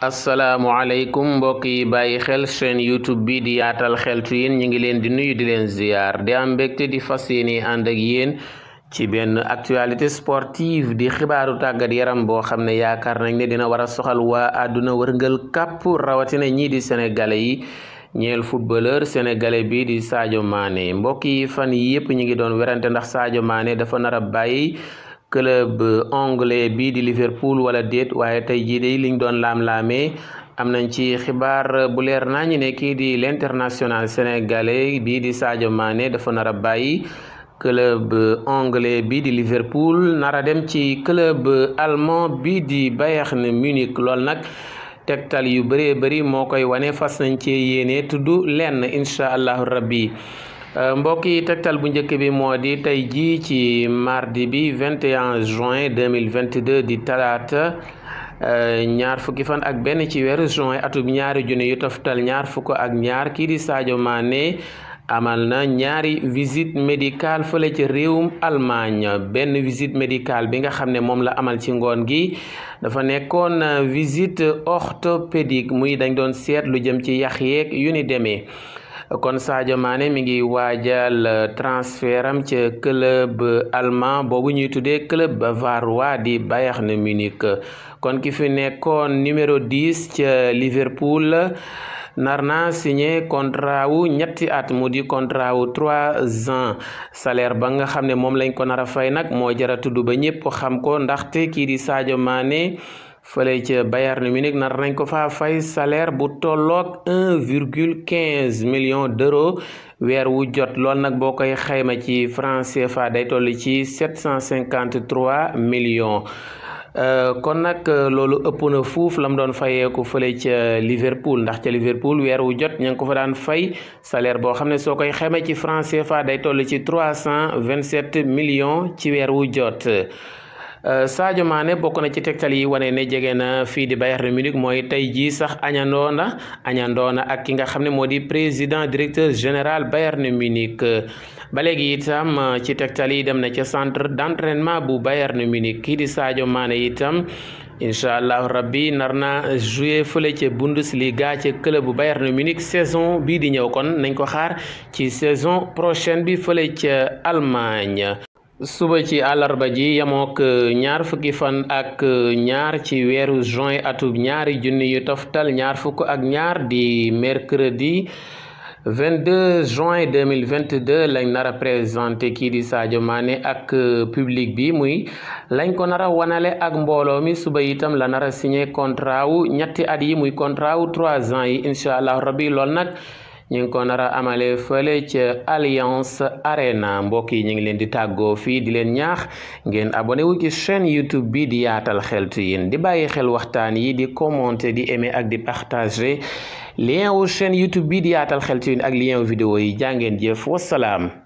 asalaamualeykum mbokk yi bàyyi xel chaîne youtube bi di yaatal xel yéen ñu ngi leen di nuyu di leen ziyaar de am mbégte di fas yéene ànd ak yéen ci benn actualité sportive di xibaaru tàggat yaram boo xam ne yaakaar nañ ne dina war a soxal waa àdduna wërngal kàpp rawatina ñii di sénégalais yi ñeel footballeur sénégalais bi di Sadio Mané mbokk yi fan yii yëpp ñu ngi doon werante ndax saajo maane dafa nar a bàyyi. club anglais bii di Liverpool wala déet waaye tey jii day liñ doon laam-laamee am nañ ci xibaar bu leer nañu ne kii di l'international sénégalais bii di Sadio maane dafa nar a bàyyi club anglais bii di Liverpool nar a dem ci club allemand bii di ne Munich lool nag teg tegtal yu bëree bëri moo koy wane fas nañ cee yéene tudd lenn incha allahu rabbi Euh, mbokk yi tegtal bu njëkk bi moo di tey jii ci mardi bi 21 juin 2022 di talaata euh, ñaar fukki fan ak benn ci weeru juin atum ñaari junni yu toftal ñaar fukk ak ñaar kii di Sadio Mané amal na ñaari visite médicale fële ci réewum Allemagne benn visite médicale bi nga xam ne moom la amal ci ngoon gi dafa nekkoon euh, visite orthopédique muy dañ doon seet lu jëm ci yax yeeg yu ni demee kon Sadio Mané mi ngi waajal euh, transfert am ca club allemand boobu ñuy tuddee club bavarois di Bayern Munich kon ki fi nekkoon numéro 10 ca Liverpool nar na signé contrat wu ñetti at mu di contrat wu trois ans salaire ba nga xam ne moom lañ ko nar a fay nag moo jara tudd ba ñëpp xam ko ndaxte kii di Sadio fële ca Bayern Munich nar nañ ko faa fay salaire bu tollook un virgule quinze million d'euros weer wu jot lool nag boo koy xayma ci français CFA day toll ci sept cent cinquante trois millions. Euh, kon nag euh, loolu ëpp na fuuf la doon fayeeku fële ca Liverpool ndax ca Liverpool weer wu jot ña ko fa daan fay salaire boo xam ne soo koy xamee ci franc CFA day toll ci trois cent vingt sept million ci weer wu jot. Euh, Sadio Mané bokk na ci tegtal yi wane ne jege na fii di Bayern Munich mooy tey jii sax añandoo na añandoo na ak ki nga xam ne moo di président directeur général Bayern Munich ba léegi itam euh, ci tegtal yi dem na ca centre d'entraînement bu Bayern Munich kii di Sadio Mané itam incha allah rabbi nar na joué fële ca Bundesliga ca club bu Bayern Munich saison bii di ñëw kon nañ ko xaar ci saison prochaine bi fële ca Allemagne. suba ci àllarba ji yamook euh, ñaar fukki fan ak euh, ñaar ci weeru juin atu ñaari junni yu toftal ñaar fukk ak ñaar di mercredi 22 juin 2022 lañ nar a présenté kii di Sadio Mané ak euh, public bi muy lañ ko nara wanale ak mbooloo mi suba itam la nar a signé wu ñetti at yi muy contrat wu 3 ans yi incha allah rabbi lool nag ñu ngi ko nar a amale fële ca Alliance Arena mbokk yi ñu ngi leen di tàggoo fii di leen ñaax ngeen abonné wu ci chaîne YouTube bi di yaatal xeltu yéen di bàyyi xel waxtaan yi di commenter di aimer ak di partager lien wu chaîne YouTube bi di yaatal xeltu yéen ak lien wu vidéo yi jàngeen jëf wasalaam